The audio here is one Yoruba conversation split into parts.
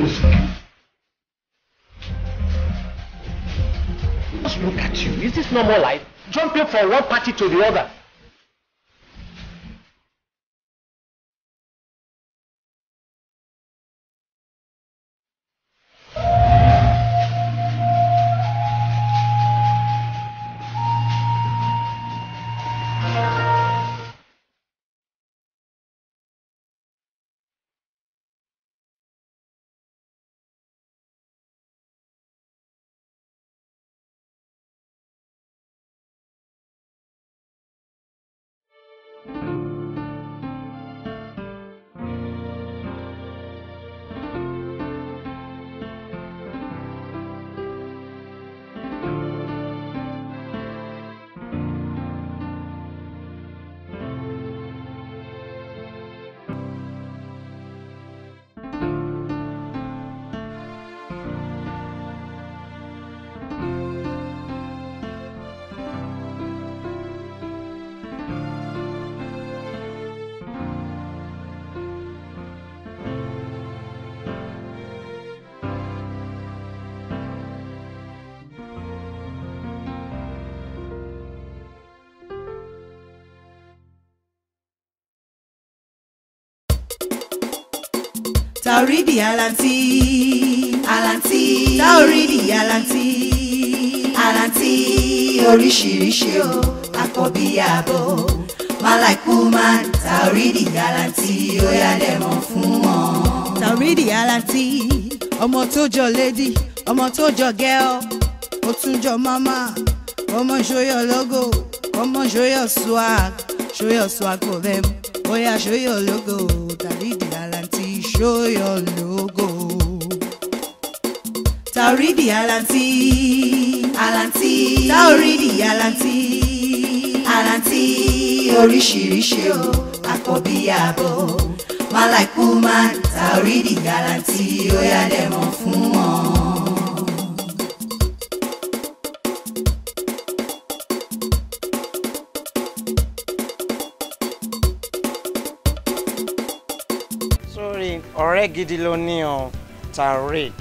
Deus. Just look at you. Is this normal life? Jumping from one party to the other. Taoridi alanti alanti Taoridi alanti alanti oríṣiríṣi o akọbí àbọ̀ malaikuman Taoridi alanti oya yá dẹ̀mọ̀ fún wọn. Taoridi alanti ọmọ tó jọ lady ọmọ tó jọ girl ó tún jọ mama ọmọ ṣoyọ logo ọmọ ṣoyọ swag ṣoyọ swag for them oya yá ṣoyọ logo show your logo. Taoridi Alanti, Alanti, Taoridi Alanti, Alanti, oríṣiríṣi o, àkọ́bí àbọ̀. Malaiku man, Taoridi Alanti, ó yá dẹ̀ mọ̀ fún wọn. ọ̀rẹ́ gidi ló ní o Taoreed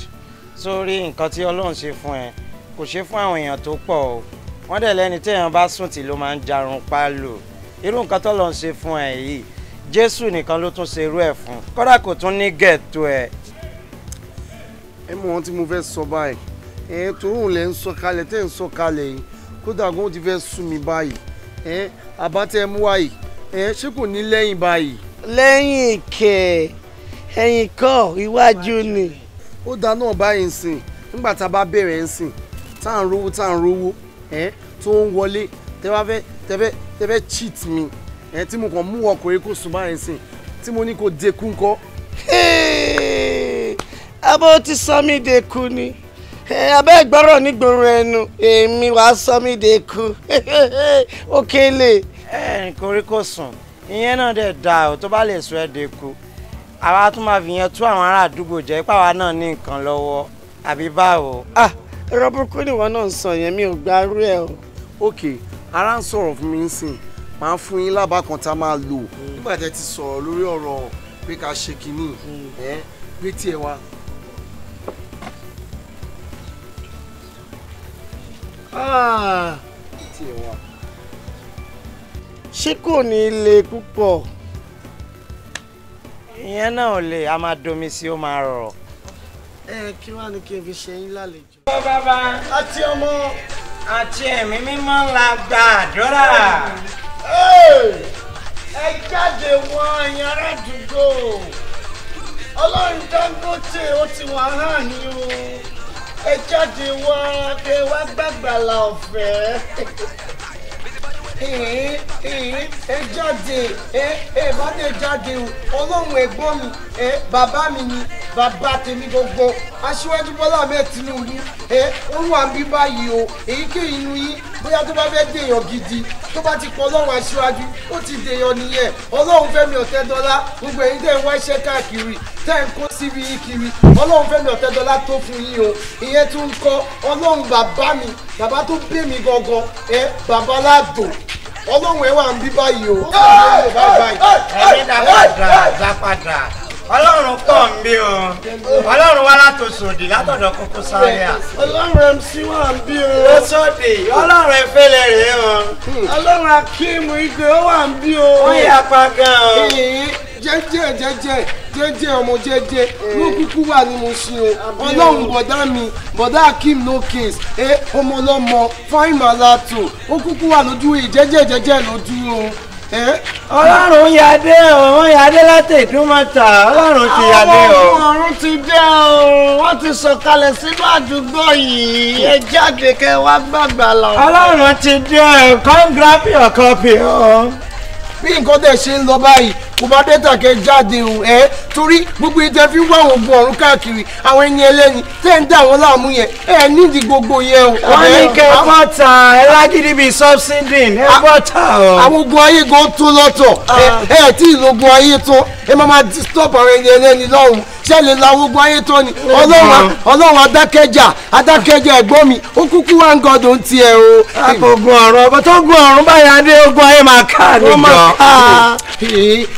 sórí nǹkan tí Ọlọ́run ṣe fún ẹ kò ṣe fún àwọn èèyàn tó pọ̀ o wọ́n dẹ̀ lẹ́ni téèyàn bá sùn tí ló máa ń jarun pálò irú nǹkan tó lọ́n ṣe fún ẹ yìí Jésù nìkan ló tún ṣe irú ẹ̀ fún kódà kò tún ní gẹ̀ẹ́tò ẹ̀. ẹ mọ ohun tí mo fẹ́ sọ báyìí ẹ tòun lẹ ń sọ kalẹ̀ tẹ́ ń sọ kalẹ̀ yìí kódà gan ti fẹ́ sún mi báyìí ẹ àbátẹ́ mú wáyìí ẹ ṣé kò ní lẹ́yìn báyìí. lẹ́yìn ìkẹ́ ẹ̀yìn kọ́ iwájú ni. ó dáa náà báyìí ń sìn nígbà tá a bá bẹ̀rẹ̀ ń sìn tá à ń rówó tá à ń rówó ẹ̀ tó ń wọlé tẹ́ bá fẹ́ tẹ́ fẹ́ tẹ́ fẹ́ cheat mi ẹ̀ tí mo kàn mú ọkùnrin kò sùn báyìí ń sìn tí mo ní kò dekun kọ́. abó ti sọ mí dekun ni abẹ́ ìgbọ́rọ̀ nígboro ẹnu èmi wàá sọ mí dekun ó kélé. ẹ kórìkò sùn ìyẹn náà dẹ̀ dáa tó bá lè sọ ẹ́ dekun àwa tún máa fi yẹn tú àwọn ará àdúgbò jẹ́ páwa náà ní nǹkan lọ́wọ́ àbí báwo. ah rọ́bùkú nìwọ náà ń sọ yẹn mi ò gbárù ẹ o. ok ara ń sọ̀rọ̀ fún mi ń sìn máa ń fún yín lábàá kan tá a máa lò mm. nígbà tẹ́ ti sọ̀rọ̀ lórí ọ̀rọ̀ pé ká ṣe kínní mm. ẹ gbé ah, tiẹ̀ wá. ṣé kò ní í púpọ̀ ìyẹn náà ò lè a máa domi sí ó máa rọ̀. ẹ kí wàá ní kí n fi ṣe yín lálejò. ọmọ bàbá àti ọmọ àti ẹ̀mí mímọ́ la gba àdúrà. ẹ jáde wọn ẹ̀yin ará ọlọ́run Dangote ó ti wà hàn yín o ẹ jáde wọn ẹ wá gbàgbà la ọ̀fẹ́ ẹ jáde ẹ bá dé jáde o ọlọ́run ẹ̀gbọ́n mi ẹ bàbá mi ni bàbá tèmi gbogbo aṣíwájú bọ́lá mẹ́ẹ̀ Tinubu ẹ olúwa ń bí báyìí o èyíkéyìí inú yín bóyá tó bá fẹ́ dèèyàn gidi tó bá ti pọ̀ ọlọ́run aṣíwájú ó ti dèèyàn nìyẹn ọlọ́run fẹ́mi ọ̀tẹ́dọ́lá gbogbo èyí tẹ̀ wáṣẹ́ káàkiri tẹ́ ń kó síbi kiri ọlọ́run Fẹ́mi Ọ̀tẹ́dọ́lá tó fún yín o ìyẹn tún ń kọ́ ọlọ́run bàbá mi bàbá tó bí mi gangan ẹ bàbá ládò ọlọ́run ẹ wà ń bí báyìí o ẹ̀mí dàpadà dàpadà ọlọ́run pọ̀ ń bí o ọlọ́run wá látòsòdì látọ̀dọ̀ Koko Zaria. ọlọ́run mc wà ń bí o. ó sódì ọlọ́run efele rèé o. ọlọ́run akíìmù igbe ó wà ń bí o. ó yapa gan o jẹ́jẹ́ jẹ́jẹ́ jẹ́jẹ́ ọmọ jẹ́jẹ́ ló kúkú wà ní mo ṣe o ọlọ́run bọ̀dá mi bọ̀dá akim no case ẹ ọmọ ọlọ́mọ fine malato ó kúkú wà lójú yìí jẹ́jẹ́ jẹ́jẹ́ lójú o. ọlọ́run yadé o wọ́n yadé láti ìdúmọ̀tà ọlọ́run ti yadé o. àwọn ọ̀run ti dé o wọ́n ti sọ̀kalẹ̀ sínú àdúgbò yìí ẹ jáde kẹ wá gbàgbà lọ. ọlọ́run ti dé o come grab your copy o. bí nǹkan tẹ̀ ṣe ń lọ báyìí kò bá dẹ́tà kẹ jáde o ẹ torí gbogbo ìjẹ fi wá àwọn oògùn ọ̀run káàkiri àwọn ẹni ẹlẹ́ni tẹ́ ń dá àwọn láàmú yẹn ẹ nídìí gbogbo yẹn o. wọ́n ní kẹ́ ẹ bọ́ta ẹ lágídí bíi subsidin ẹ bọ́ta o. àwọn oògùn ayé gan tó lọ́tọ̀ ah. ẹ ẹ tí ìlógún ayé tó ẹ máa máa disturb àwọn ẹni ẹlẹ́ni lọ́rùn ṣẹlẹ̀ làwùgbọ́n ayé tó ni ọlọ́run adákẹ́jà adákẹ́jà ẹ̀gbọ́n mi ó kúkú wá ń gọdọ̀ ń tiẹ̀ o. àkógun ọ̀run ọba tó gun ọ̀run báyìí adé ogun ayé máa ká nìjọ.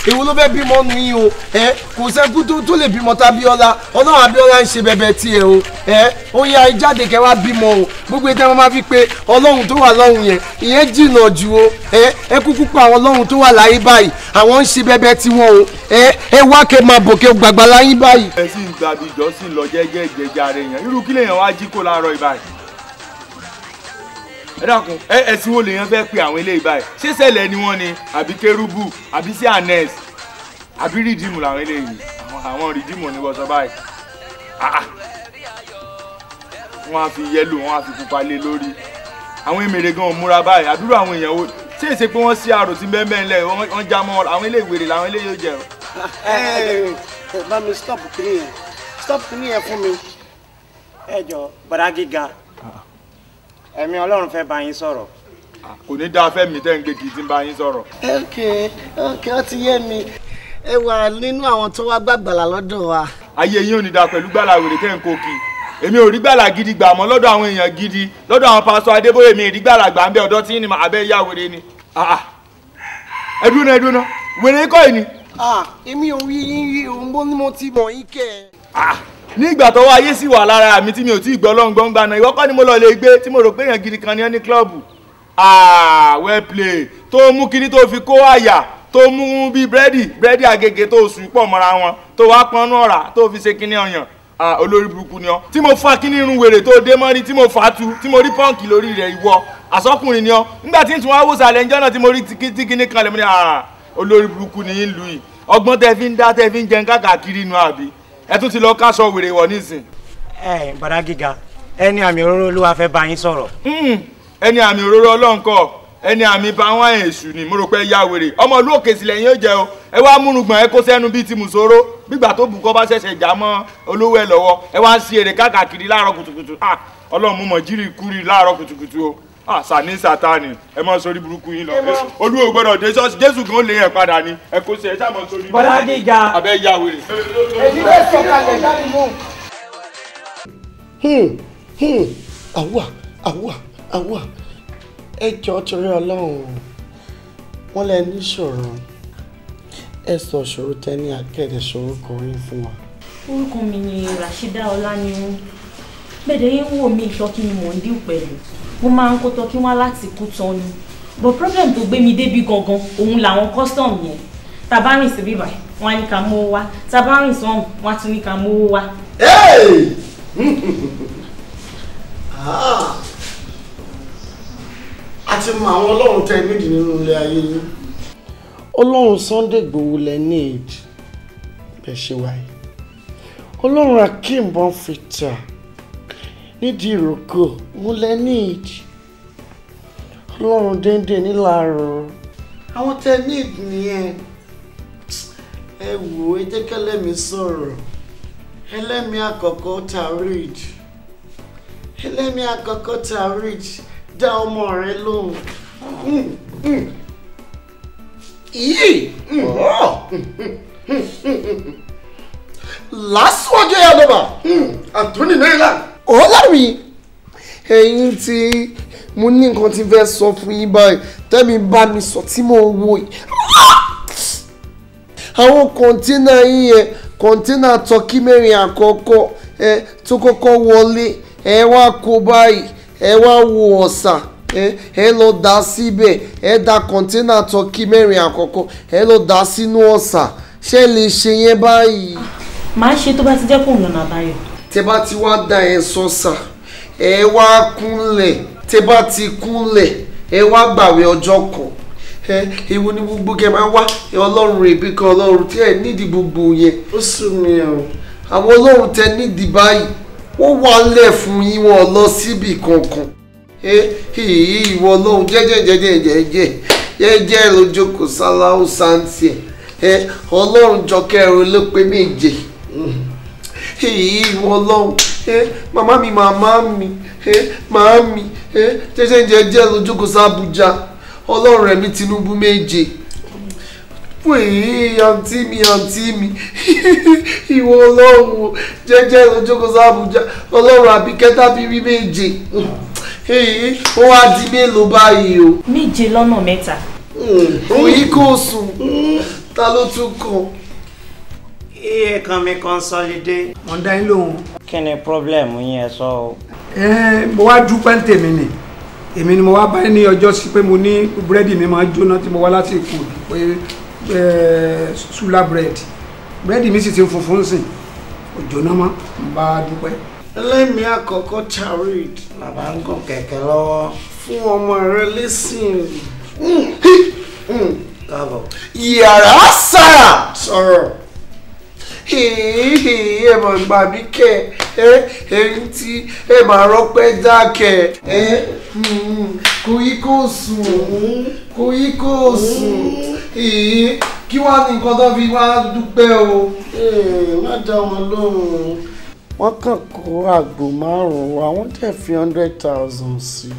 ìwọ ló fẹ́ bímọ ní o ẹ kò sẹ́kú tó lè bímọ tábíọ́lá ọlọ́run abíọ́lá ń ṣe bẹ̀bẹ̀ tiẹ̀ o ẹ ó yá ìjáde kẹ́ bímọ o gbogbo ẹ̀ tẹ́ wọ́n máa fi pé ọlọ́run tó wà lọ́run yẹn ìyẹn jìnnà ju o ẹ ẹ kúkú pa àwọn ọlọ́run tó wà láyé báyìí àwọn ń ṣe bẹ̀bẹ̀ tiwọn o ẹ ẹ wá kẹ́ máa bọ̀ kẹ́ gbàgbà láyé báyìí báyìí. ẹ sì ń gba àbíjọ sí lọ jẹ́jẹ́ ìjẹjà rẹ yẹn irú kí lèèyàn wá jí kó láàárọ̀ ìbáyìí. ẹ dákun ẹ ẹsìn wo lèèyàn fẹ́ pe àwọn eléyìí báyìí ṣé sẹ́lẹ̀ ni wọ́n ni àbí kérúbù àbí sí anes àbí rìdíìmù làwọn eléyìí àwọn rìdíìmù ni wọ́n sọ báyìí. Ah, ah. wọ́n á fi yẹ́lò wọ́n á fi pupa lé lórí àwọn èmèrè gan múra báyìí àdúrà àwọn èèyàn wo ṣé èsè pé wọ́n sí àròsí bẹ́ẹ̀ bẹ́ẹ̀ lẹ̀ wọ́n já mọ́ àwọn eléyìí wèrè làwọn eléyìí ó jẹ́ o bá mi stop kìnìún yẹn stop kìnìún yẹn fún mi ẹ jọ bàdá gíga ẹ̀mí ọlọ́run fẹ́ bá yín sọ̀rọ̀. kò ní dáa fẹ́ mi tẹ́ ń gègì tí ń bá yín sọ̀rọ̀. ok ok ó ti yé mi ẹ wà nínú àwọn tó wá gbàgbàlà lọ́dọ̀ wa. ayé yín ò ní dáa pẹ̀lú gbàlà wèrè tẹ́ ń kó kí èmi ò rí gbàlà gidi gbà mọ́ lọ́dọ̀ àwọn èèyàn gidi lọ́dọ̀ àwọn pásọ Adébóyè mi rí gbàlà gbà ń bẹ ọ̀dọ́ tí ń ní abẹ́ yá wèrè ni. ẹdúnà ẹdúnà wèrè kọ́ ẹ̀ ni Ah, èmi ò rí yín rí òun bó ni mo ti mọ̀ yín kẹ́ ẹ. Ah, nígbà tó wá ayé sì wà lára mi tí mi ò tí ì gbọ́ lọ́ngbọ́n gbaná ìwọ kọ́ ni mo lọ lè gbé tí mo rò pé èèyàn gidi kan ni ẹ ní kílọ̀bù. Ah, well played tó mú kinní tó fi kó àyà tó mú bí búrẹ́dì búrẹ́dì àgègè tó sùn pọ̀ mọ́ra wọn tó wá pọnú ọ̀rá tó fi ṣe kinní ọ̀yàn olórí burúkú ni ọ tí mo fa kinní irun wèrè tó dé mọ́rí tí mo fà tu tí mo rí pọ́ǹkì lórí rẹ̀ ìwọ àsọkùnrin ni ọ nígbà tí n tún wá wò sàlẹ̀ ńjọ́ tí mo rí tíkítíkí kan lẹ́mú ni olórí burúkú ni yín lù yìí ọgbọ́n tẹ fi ń dá tẹ fi ń jẹun káàkiri inú àbí ẹ tún ti lọ káṣọ wèrè wọ̀ nísìn. ẹ bàdá gíga ẹni àmì òróró ló wàá fẹ́ bá yín sọ̀rọ̀. Hmm, ẹni àmì òróró ọlọ́nkọ ẹni àmì báwọn èṣù ni mo rò pé ya wèrè ọmọ ìlú òkè sílẹ̀ yín ó jẹ o ẹ wá múnugbọ̀n ẹ kó sẹ́nu bíi ti mùsòro gbígbà tó bùkọ́ bá ṣẹ̀ṣẹ̀ já mọ́ olówó ẹ lọ́wọ́ ẹ wá ń ṣe èrè káàkiri láàárọ̀ kùtùkùtù ah, ọlọ́run mo mọ̀ jírí kúri láàárọ̀ kùtùkùtù o àṣàní ah, sátani ẹ mọ sórí burúkú yín lọ olúwo gbọ́dọ̀ dé ṣọ́ọ̀ṣì jésù gan lè yẹn padà ni ẹ kó sí ẹ sáà mọ sórí. bọlá gíga abẹ ya wèrè. èyí ló sọ kalẹ̀ jáde mọ́. àwa àwa àwa ẹ torí ọlọ́run wọn lẹ ní ṣòro ẹ sọ ṣòro tẹni akéde ṣòro kọ fún wa. orúkọ mi ni Rashida Ọláníwú bẹ́ẹ̀ dẹ̀ yín wò mí ìṣọ́kí ni mò ń dín pẹ̀lú mo máa ń kó tọ́kí wá láti kú tán ni but problem tó gbé mi débi gangan òun làwọn custom yẹn tá a bá rìn sí bíbá wọn á ní ká mówó wá tá a bá rìn sọ́hùn wọn á tún ní ká mówó wá. Ah! a ti mọ àwọn ọlọ́run tẹ nídìí nínú ilé ayé yín. ọlọ́run Sunday Igboho lẹ èjì bẹ́ẹ̀ ṣe wáyé ọlọ́run akíǹbọn fi tà nídìí ìrókò múlẹ̀ níìdì ọlọ́run déédéé nílàárọ̀ àwọn tẹ níìdì nìyẹn ẹ wò ó jẹ́ kẹ́lẹ́mi sọ̀rọ̀ ẹlẹ́mi àkọ́kọ́ tarid ẹlẹ́mi àkọ́kọ́ tarid dá ọmọ rẹ lóhùn. Hmm, hmm. yìí lásìwájú ẹ̀yà lọ́ba àtúndì náírà ọ̀làrí ẹ̀yin tí mo ní nǹkan tí fẹ́ sọ fún yín báyìí tẹ́mi bá mi sọ tí mo wò yìí àwọn kọ̀ńtínà yín yẹn kọ̀ńtínà tọ́kí mẹ́rin àkọ́kọ́ ẹ tó kọ́kọ́ wọlé ẹ wá kó báyìí ẹ wá wo ọ̀sà ẹ lọ dà síbẹ̀ ẹ dà kọ̀ńtínà tọ́kí mẹ́rin àkọ́kọ́ ẹ lọ dà sínú ọ̀sà ṣé lè ṣe yẹn báyìí. màá ṣe tó bá ti jẹ́ kó ń lọ́nà àbáyọ tẹ́ bá ti wá dá ẹ sọ́sà ẹ wá kúnlẹ̀ tẹ́ bá ti kúnlẹ̀ ẹ wá gbàwé ọjọ́ kan ẹ ewu ni gbogbo kẹ máa wá ọlọ́run èbí kan ọlọ́run tí ẹ nídìí gbogbo yẹn ó sùn mí o àwọn ọlọ́run tẹ nídìí báyìí wọ́n wálẹ̀ fún yín wọn lọ síbi kankan ìwọ ọlọ́run jẹ́jẹ́jẹ́jẹ́jẹ́ jẹ́jẹ́ lójókòó sáláhùn sáńtì ẹ̀ ọlọ́run jọkẹ́ ẹ̀rọ ló méje. Mm. Hey, ìwọ ọlọ́run màmá mi màmá mi màmá mi ṣẹ̀ṣẹ̀ ń jẹ díẹ̀ lójúkọ sábùjá ọlọ́run rẹ̀ mi Tinubu méje fún èyí àǹtí mi àǹtí mi ìwọ ọlọ́run jẹ́jẹ́ lójúkọ sábùjá ọlọ́run àbíkẹ́ tábìrí méje èyí ó wá di mélòó báyìí o. méje lọ́nà mẹ́ta. òyìn kò sùn mm. ta ló tún kàn iye kan mi consolidate. mo ń dá yín lóhùn. kí ni problem yín ẹ sọ o. ẹ mo wá dúpẹ́ tèmi ni èmi ni mo wá báyìí ní ọjọ́ sí pé mo ní búrẹ́dì mi máa jóná tí mo wá láti Èkó pé sula bread búrẹ́dì mi sì ti funfun sìn kò jóná mọ́ mo bá dúpẹ́. ẹlẹ́mìí àkọ́kọ́ tarid bàbá ń gùn kẹ̀kẹ́ lọ́wọ́ fún ọmọ rẹ lẹ́sìn hmm. káàbọ̀. yàrá sára. sọ̀rọ̀ ẹ mà gbà mí kẹ ẹ ẹyin tí ẹ mà rọpẹ́ dákẹ́ ẹ kò yí kò sùn kò yí kò sùn kí wàá ní nǹkan tó fi wá dúpẹ́ o. má dá wọn lóhùn. wọ́n kàn kó àgbò márùn-ún àwọn dẹ̀ fi hundred thousand sí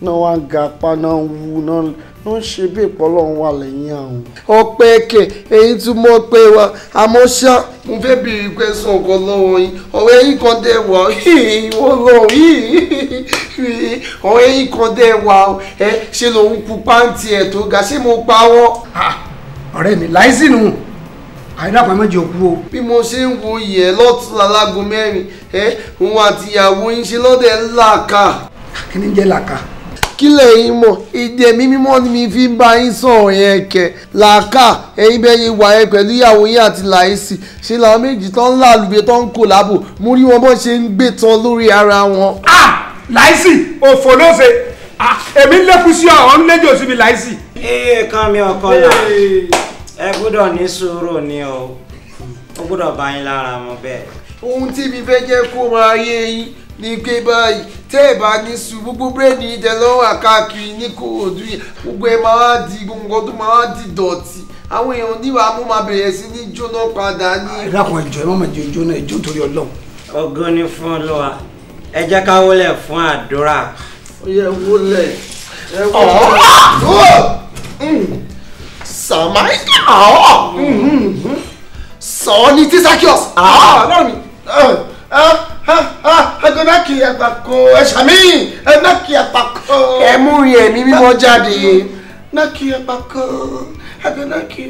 náà wá ń ga pa wú náà ó ń ṣe bí ìpọ́lọ̀ ń wà lẹ́yìn àwọn. ọpẹ́ kẹ èyí tún mọ̀ pé wa àmọ́ ṣá mo fẹ́ bèrè pé sàn kan lọ́wọ́ yín ọ̀rẹ́ yín kan dẹ̀ wà wọ́n lọ ọ̀rẹ́ yín kan dẹ̀ wà ẹ ṣe lòun kú pàǹtí ẹ̀ tó ga ṣé mo pa wọ́n. ọ̀rẹ́ mi láìsí nù àìdàpọ̀ méje òkú o. bí mo ṣe ń wo yẹ lọ́tún alágo mẹ́rin ẹ òun àtìyàwó yín ṣe lọ́dẹ̀ ńlá ká. kí ni jẹ́ làkà kílẹ̀ yín mọ̀ ìdí ẹ̀mí mímọ́ ni mi fi ń bá yín sọ̀rọ̀ yẹn kẹ̀ làákà ẹ̀yin bẹ́ẹ̀ yẹn wà yẹn pẹ̀lú ìyàwó yín àti làásì ṣe làwọn méjì tán ń làlùbẹ́ tán ń kò lábò mo rí wọn bọ́ ṣe ń gbé tán lórí ara wọn. a làásì òfò ló ṣe èmi lékun sí ọ̀hún léjò síbi làásì. ee kan mi ọkọ la ẹ gbọ́dọ̀ ní sùúrù ni o ó gbọ́dọ̀ bá yín lára mọ́ bẹ́ẹ̀. ohun tí mi fẹ́ jẹ́ kó máa yé yín ní pé báyìí tẹ́ ẹ̀ bá ní sùn gbogbo búrẹ́dì yìí tẹ́lọ́wọ́ àkáàkiri ní kòòdù yìí gbogbo ẹ̀ máa di gbogbo tó máa di dọ̀tí àwọn èèyàn níwà mú máa bẹ̀rẹ̀ sí ní jóná padà ní. ìdákùn ẹjọ ẹ má máa jẹ jóná ẹjọ torí Ọlọ́run. ògo ni fún Olúwa ẹ jẹ́ ká wọlé fún àdúrà. ó yẹ wọlé ẹ wọlé. sàmáì sọ ni tísákíọ̀sì. ọlọ́run Ha ha! í àpàkọ ẹ̀ṣà mi ẹgbẹ́ kì í àpàkọ. ẹ mú rin ẹ̀mí mímọ́ jáde. ẹgbẹ́ kì í àpàkọ ẹgbẹ́ kì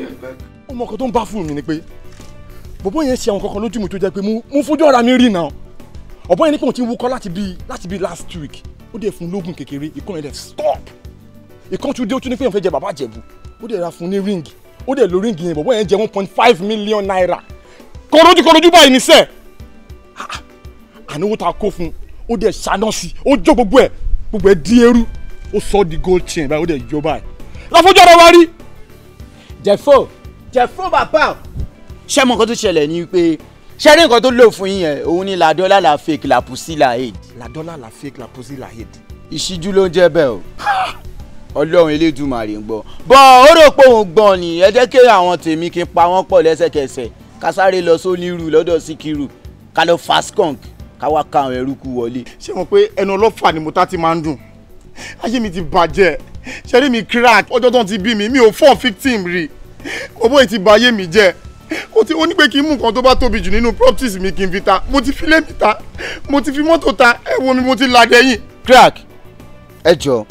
ọmọ kan tó ń bá fún mi ni pé bòbó yẹn ṣe àwọn kankan lójú mi tó jẹ́ pé mo fojú ara mi rí náà ọ̀bọ̀n yẹn ní pé òun ti wúkọ́ láti bíi láti bíi last week ó dẹ̀ fún lóògùn kékeré ikán yẹn dẹ̀ stop ikán tún dé ó tún ní pé òun fẹ́ jẹ bàbá àjẹ̀bù ó dẹ̀ ra fún ní ring ó dẹ̀ lo ring yẹn bọ̀bọ̀ yẹn jẹ one point five million naira kọ̀rọ̀jú kọ̀rọ̀jú báyìí ní sẹ́ẹ̀ àníwó tá a kó fún ó dẹ̀ ṣáná sí ó jó gbogbo ẹ̀ gbogbo ẹ̀ di eérú ó sọ di gold chain báyìí ó dẹ̀ jó báyìí láfojú ọ̀rọ̀ wa rí. jẹ̀fọ́ jẹ̀fọ́ bàbá ṣé mo nǹkan tó ṣẹlẹ̀ ni pé ṣé rí nǹkan tó lò fún yín yẹn òun ni làdọ́là la fake la pussy la aid. làdọ́là la fake la pussy la aid. ìṣíjú ló ń jẹ́ bẹ́ẹ̀ o ọlọ́run elédùnmarè ń gbọ́ bọ́ ó rò pé òun gbọ́n ni ẹ jẹ́ kí àwọn tèmi kí n pa wọ́n pọ̀ lẹ́sẹ̀kẹsẹ̀ ká sáré lọ sólírù lọ́dọ̀ síkírù ká lọ fast conk ká wá ká àwọn eruku wọlé. ṣé mo pé ẹnu ọlọ́fà ni mo ti máa ń dùn ayé mi ti bàjẹ́ ṣẹ́rí mi crack ọjọ́ tó ti bí mi mi ò fọ́ fifteen rí owó ìtì bà ayé mi jẹ́ ó ti ó kí n mú nǹkan tó bá tóbi jù nínú properties mi kí n fi ta mo ti filé mi ta mo ti fi mọ́tò ta ẹ wo mi mo ti la dẹ́yìn. crack ẹ jọ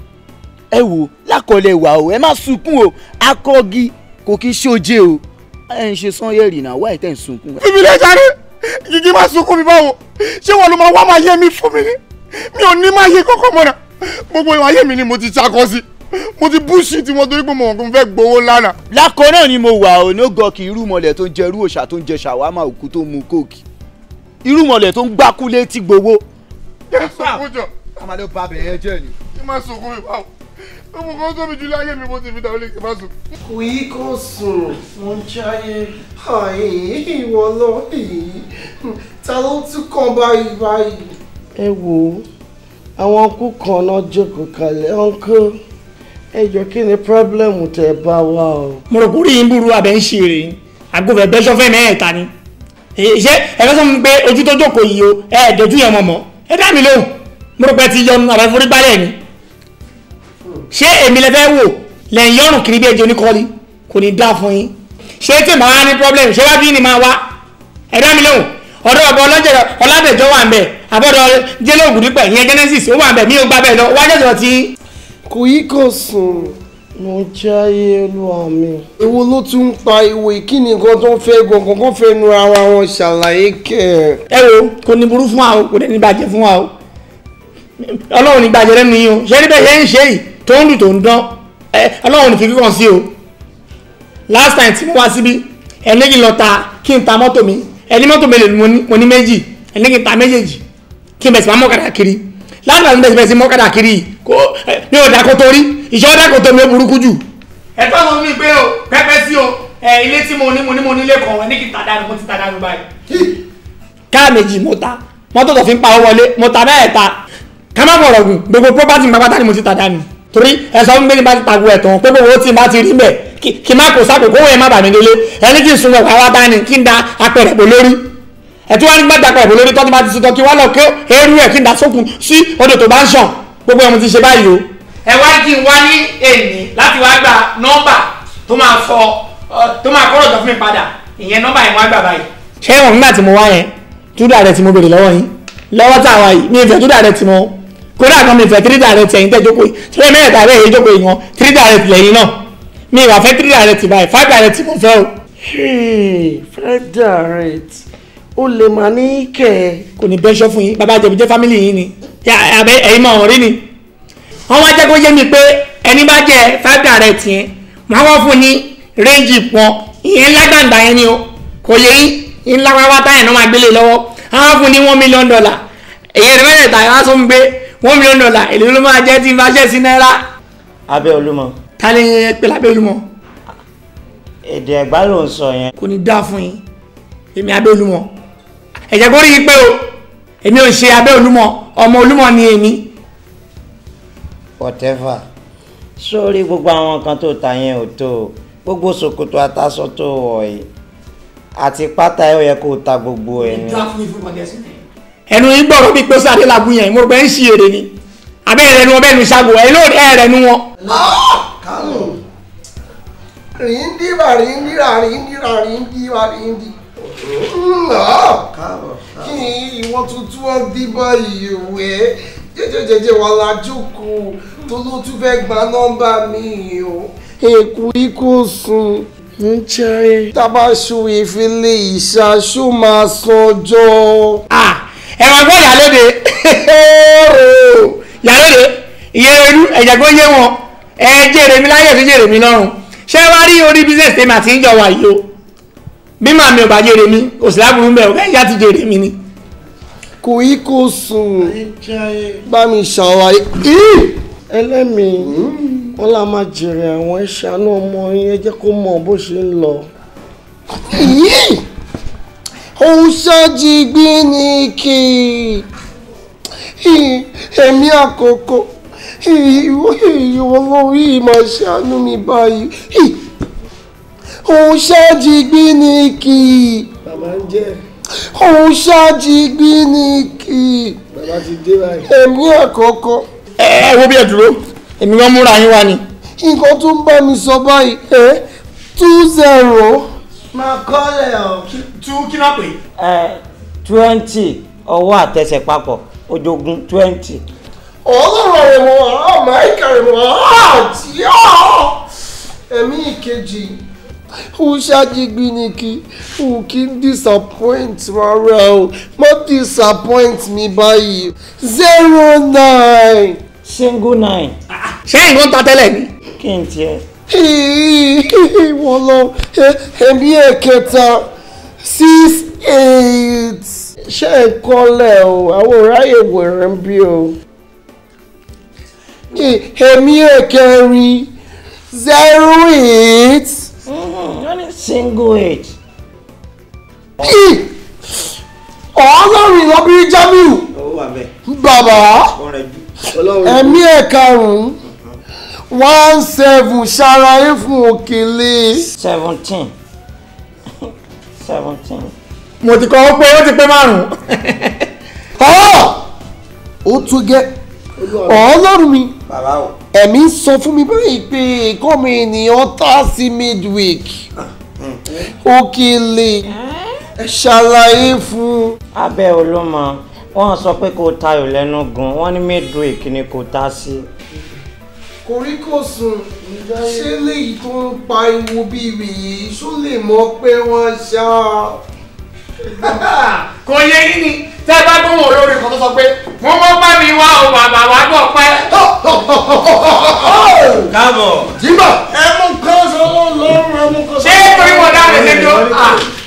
ẹ wò lákọọlẹ wà o ẹ má sunkún o akọgi kò kí ṣoje o ẹ ń ṣe sanyẹrì náà wáyé tẹ ń sunkún. bíbí lè jáde. Gigi máa sunkún mi báwo ṣé wọn ló máa wá máa yé mi fún mi ni mi ò ní máa yé kọ́kọ́ mọ́ra gbogbo ìwà ayé mi ni mo ti ṣakọ sí mo ti búṣì tí mo torí pé mo kàn fẹ́ gbowó lánàá. lákọ náà ni mo wà ò ní gọkì irú mọlẹ tó ń jẹ irú òòṣà tó ń jẹ ṣàwámà òkú tó ń mu kóòkì irú mọlẹ tó ń gbákú létí gbowó. yẹ́n sọ fún jọ. àmàlẹ́ bàbẹ̀ ẹ jẹ́ ni. kí máa sunkún mi báwo mo fọ́ sómi jù láyé mi mo ti fi dàbí lèkè má sùn. kò yí kò sùn mo ń jáyé ìwọ lọ ta ló tún kàn báyìí báyìí. ẹ wo àwọn ọkú kan náà jókòó kalẹ̀ ọ̀nkọ́ ẹ jọ kí ni pírọ́blẹ́mù tẹ bá wa o. mo rò kúrò yín burú abẹ́ ń ṣe rè é àgọ́fẹ̀ bẹ́ṣọ́ fẹ́ mẹ́ẹ̀ta ni ṣé ẹ fẹ́ sọ mi pé ojú tó jókòó yìí o ẹ̀ẹ́dẹ̀jú yẹn mọ̀ mọ́ ẹ dá mi mo rò pé ti yọnu àbẹ́forí gbálẹ̀ ni ṣé èmi lẹ fẹ́ wò lẹ́yìn yọrùn kiri bí ẹjọ́ oníkọ́lí kò ní dá fún yín ṣé tí màá ní problem ṣé wájú ni màá wá ẹ̀dá mi lóhùn ọ̀dọ́ ọ̀bọ ọládẹ̀jọ́ wà ń bẹ̀ àbọ̀dọ̀ jẹ́lógún dípẹ̀ ìyẹn genesis ó wà ń bẹ̀ mí ò gbà bẹ́ẹ̀ lọ wájọ́jọ́ ti. kò yí kò sùn mo jáyé olúwa mi. èwo ló tún ń pa ìwé kí ni nǹkan tó ń fẹ́ gangan kó fẹ́ nu ara wọn ṣàlàyé kẹ̀. ẹ wo kò ní burú fún wa o kò ní bàjẹ́ fún wa o ọlọ́run ní gbàjẹ́ lẹ́nu yín o ṣé níbẹ̀ ṣe ń ṣe yìí tó ń lù tó ń dán ẹ ọlọ́run ní fi kíkàn sí o last time tí mo wá síbí ẹni kí n lọ ta kí n ta mọ́tò mi ẹni mọ́tò mi lè mo ní méjì ẹni kí n ta méjèèjì kí n bẹ̀sì máa mọ́kàdà kiri láti bàtí bẹ̀sì bẹ̀sì mọ́kàdà kiri mi ò dákó torí ìṣe ọ̀dà kò tó mi ó burúkú jù. ẹ̀tọ́ sọ mi pé o pẹ́pẹ́ sí o ilé tí mo ní mo ní mo nílé kan ẹni kí n ta dànù mo ti ta dànù báyìí. káà méjì mo ta mọ́tò tó fi ń pa owó wọlé mo ta mẹ́ẹ̀ta ká má bọ̀rọ̀ gùn gbogbo torí ẹ sọ fún mi bá ti pàgọ́ ẹ̀ tán pé bó wo tí n bá ti rí mẹ́ kí n má kó sápò kó wọ́n má bà mí délé ẹni kí n sun ọ̀pá wá bá ní kí n da apẹ̀rẹ̀ pò lórí ẹ̀ tí wọ́n ní gbàgbà pẹ̀rẹ̀ pò lórí tọ́tí bá ti sitọ́ kí wọ́n lọ kó eérú ẹ̀ kí n da sókun sí odò tó bá ń sàn gbogbo ẹ̀ mo ti ṣe báyìí o. ẹ wá kí n wá ní èyí láti wá gba nọ́mbà tó máa fọ tó máa kọ́rọ̀ tó fún mi padà ìyẹn nọ́mbà yẹn wá gbà báyìí. ṣé ìwọ̀n nígbà tí mo wá yẹn túdà rẹ̀ tí mo béèrè lọ́wọ́ yín lọ́wọ́ táwa yìí mi ì kódà kan mi fẹ́ three direct ẹ̀yin tẹ́ jókòó three mẹ́rẹ̀ẹ́ta rẹ̀ èyí jókòó ìwọ̀n three direct lẹ́yìn náà mi ìwà fẹ́ three direct báyìí five direct mo fẹ́ o. five direct O lè máa ní kẹ́ ẹ. kò ní bẹ́ńṣọ́ fún yín bàbá jẹ̀bùjẹ́ family yín ni àbẹ ẹ̀yin mọ̀ ọ̀rí ni. wọ́n wá jẹ́ kó yé mi pé ẹni bá jẹ five direct yẹn wọ́n wá fún ní range pọn ìyẹn lágbàǹdà yẹn ni o kò yẹ yín ńlá wá wá táyà náà máa gbélé lọ́wọ́ wọ́n wá fún ní one million dollar èyí rẹ̀ mẹ́rẹ̀ẹ́ta yẹn wá tó gbé one million dollar èlé ló máa jẹ́ tí n bá ṣẹ̀ sí náírà. abẹ́ olúmọ. ta ni ẹ pè lábẹ́ olúmọ. èdè ẹ̀gbá ló ń sọ yẹn. kò ní dáa fún yín èmi abẹ́ olúmọ ẹ̀jẹ̀ kò rí i pé o èmi ò ṣe abẹ́ olúmọ ọmọ olúmọ ni èmi. whatever sórí gbogbo àwọn kan tó ta yẹn ò tó o gbogbo ṣòkòtò àtàṣọ tó wọ̀ yìí àti pátá ẹ̀ ó yẹ kó ta gbogbo ẹ̀ ni. ìjọ àfihàn ìfúnpọ̀ gẹ̀ẹ́sì ẹnu yín gbọ́rọ̀ bíi pé sáré làbú yẹn mo gbẹ́ ń ṣí èrè ni abẹ́rẹ́ ẹnu ọbẹ̀ ẹnu ṣàgò ẹ̀ lóde ẹ̀rẹ̀ nu wọn. kánú rìn dìbà rìn dìrà rìn dìrà rìn dìbà rìn dì kí ìwọ́n tuntun wọn dìbà ìwé jẹjẹjẹjẹ wọn la tó ló tún fẹ́ gba nọ́mbà mi o èkú ikú sùn ń jẹ́ tábàṣù ìfilé ìṣàṣù máa sanjọ́ ẹ máa gbọ́ ìyálóde ìyálóde ìyẹ́rẹ́lú ẹ̀jẹ̀gbọ́n yé wọn ẹ jèrè mi láyé tún jèrè mi lọ́rùn ṣé wá rí orí business tèmi àti ìjọ wà yìí o bí màá mi ò bá jèrè mi kò sí láburú mbẹ ọgá ìyá ti jèrè mi ni. kò í kò sùn bá mi ṣàwárí ẹlẹ́mìí wọn là máa jèrè àwọn ẹ̀ṣánú ọmọ yẹn jẹ́ kó mọ̀ bó ṣe ń lọ òun ṣàjìgbì ní kì í ẹ̀mí àkókò ìwọ lórí ìmọ̀ ṣàánú mi báyìí òun ṣàjìgbì ní kì í. bàbá ń jẹ́ òun ṣàjìgbì ní kì í. bàbá ti dé báyìí. ẹ̀mí àkókò. ẹ ẹ wo bí ẹ dúró èmi wọn múra yín wá ni. nǹkan tó ń bá mi sọ báyìí ẹ two zero máa kọ́lẹ̀ ọ̀ tú kí náà pè. ẹ twenty ọwọ́ àtẹsẹ̀ papọ̀ ojogun twenty. ọlọ́run rẹ̀ mọ̀ ọ́ máìkà rẹ̀ mọ̀ ọ́ àti ọ́ ẹ̀mí ìkejì ṣáàjìgbì ni kí n kí n disappoint rárá o má disappoint mi báyìí zero nine. single nine. ṣé ìwọ́n ta tẹ́lẹ̀ ni. kí n tiẹ̀ wọ́n lọ ẹ̀mí ẹ̀kẹta six eight ṣe é kọ́lẹ̀ o àwọn òráyè wẹ̀rẹ̀ ń bí o ẹ̀mí ẹ̀kẹrin zero eight. wọ́n mm-hmm, ní single eight. ọlọ́run ìlọ́bìrì jamiu bàbá ẹ̀mí ẹ̀karùn-ún one seven ṣàlàyé fún òkèlè. seventeen seventeen. mo ti kọ́ pé ó ti pé márùn-ún. ọ̀ ó tún gẹ́ ọlọ́run mi ẹ̀mí sọ fún mi báyìí pé ẹ̀kọ́ mi ènìyàn tá sí midweek òkèlè ṣàlàyé fún. abẹ́ olómọ wọ́n sọ pé kò tayò lẹ́nu gan wọ́n ní midweek ni kò tá sí koríkòsùn ṣé léyìí tó ń pariwo bíi yìí ṣó lè mọ pé wọ́n ṣá. kò yẹ yín ni tẹ́ bá gbóhùn olórin kan tó sọ pé wọ́n mọ́ bá mi wá o bàbá wa gbọ́ pẹ́. káàbọ̀. jíbọ̀. ẹ mú kan sọ́wọ́ lọ́rùn ẹ mú kan sọ́wọ́. ṣé torí wọn dáhùn ẹsẹ̀ tó